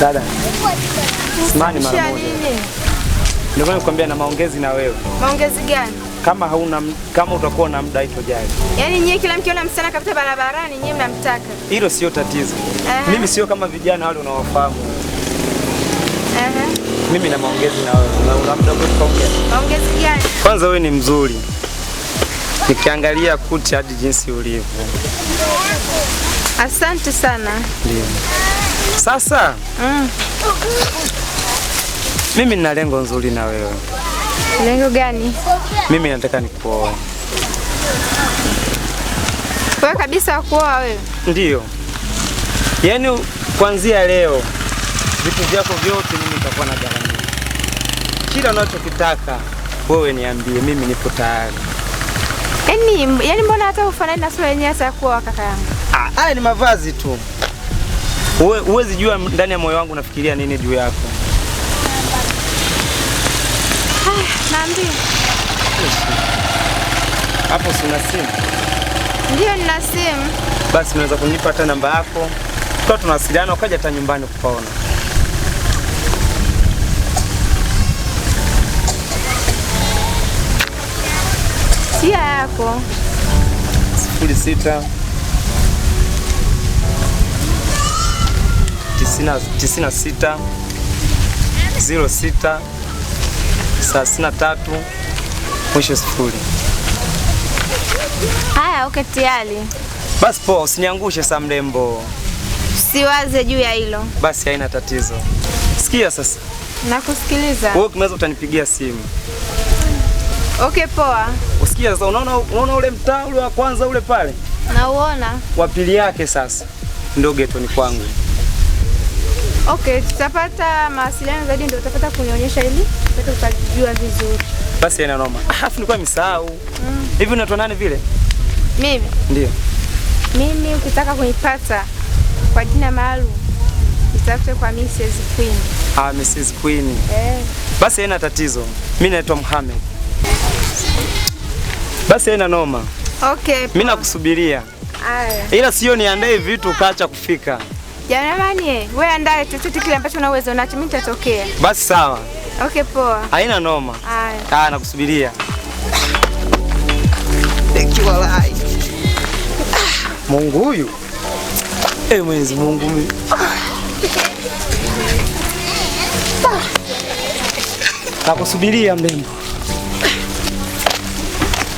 Dada, simani mara moja. Ndio maana nikwambia na maongezi na wewe. Maongezi gani? Kama hauna kama utakuwa na muda ito jali. Yaani nyie kila mkiona msichana kapita barabarani nyie mnamtaka. Hilo sio tatizo. Aha. Mimi sio kama vijana wale unawafahamu. Aha. Mimi na maongezi na wewe. Na una muda wa kuongea. Maongezi gani? Kwanza wewe ni mzuri. Nikiangalia kuti hadi jinsi ulivyo. Asante sana. Ndio. Sasa mm. Mimi nina lengo nzuri na wewe. Lengo gani? Mimi nataka nikuoe. Wewe kabisa kuoa wewe? Ndio, Yaani kuanzia leo vitu vyako vyote mimi nitakuwa na gharamia. Kila unachokitaka wewe niambie, mimi nipo tayari. Yaani, yaani mbona hata ufanani na sura yenyewe sasa kuoa kaka yangu? Ah, haya ni mavazi tu. Huwezi jua ndani ya moyo wangu nafikiria nini juu yako. nambi Hapo si una simu? Ndio nina simu. Basi unaweza kunipa hata namba yako, tukawa tunawasiliana, ukaja hata nyumbani kupaona. Sia yako sifuri sita 96 mwisho sifuri. Haya, uko tayari? Basi poa, usiniangushe saa mrembo. Siwaze juu ya hilo. Basi haina tatizo. Sikia sasa. Nakusikiliza. Wewe ukimaliza utanipigia simu. Okay, poa. Usikia sasa, unaona unaona ule mtaa ule wa kwanza ule pale? Nauona. Wa pili yake sasa ndio getoni kwangu. Okay, tutapata mawasiliano zaidi, ndio utapata kunionyesha ili upate ukajua vizuri. Basi ina noma. Afu nilikuwa nimesahau. Mm. Hivi unatoa nani vile? Mimi. Ndio. Mimi ukitaka kunipata kwa jina maalum nitafute kwa Mrs. Queen. Ah, Mrs. Queen. Eh. Basi haina tatizo. Mimi naitwa Mohamed. Basi haina noma. Okay. Mimi nakusubiria. Haya. Ila sio niandae vitu ukaacha kufika. Jamani, wewe andae chochote kile ambacho una uwezo nacho, mimi nitatokea. Basi sawa. Okay, poa. Haina noma. Haya. Ah, nakusubiria. Thank you Allah. Mungu huyu. Eh, Mwenyezi Mungu mimi. Nakusubiria mrembo.